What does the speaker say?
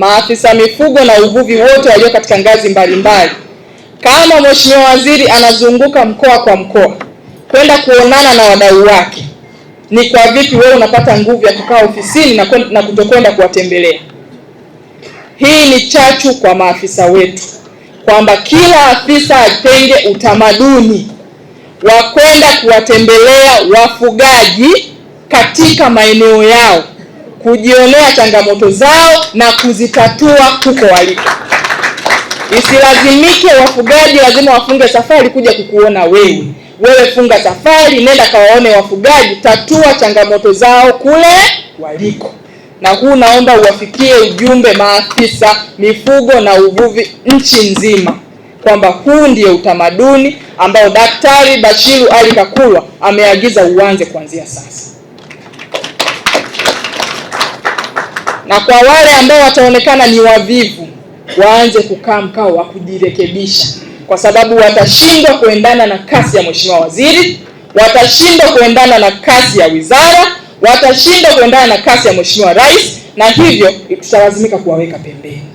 Maafisa mifugo na uvuvi wote walio katika ngazi mbalimbali. Kama mheshimiwa waziri anazunguka mkoa kwa mkoa kwenda kuonana na wadau wake, ni kwa vipi wewe unapata nguvu ya kukaa ofisini na, na kutokwenda kuwatembelea? Hii ni chachu kwa maafisa wetu kwamba kila afisa atenge utamaduni wa kwenda kuwatembelea wafugaji katika maeneo yao kujionea changamoto zao na kuzitatua huko waliko. Isilazimike wafugaji lazima wafunge safari kuja kukuona wewe. Wewe funga safari, nenda kawaone wafugaji, tatua changamoto zao kule waliko. Na huu naomba uwafikie ujumbe maafisa mifugo na uvuvi nchi nzima kwamba huu ndio utamaduni ambao Daktari Bashiru Ali Kakurwa ameagiza uanze kuanzia sasa. na kwa wale ambao wataonekana ni wavivu waanze kukaa mkao wa kujirekebisha, kwa sababu watashindwa kuendana na kasi ya mheshimiwa waziri, watashindwa kuendana na kasi ya wizara, watashindwa kuendana na kasi ya mheshimiwa rais, na hivyo tutalazimika kuwaweka pembeni.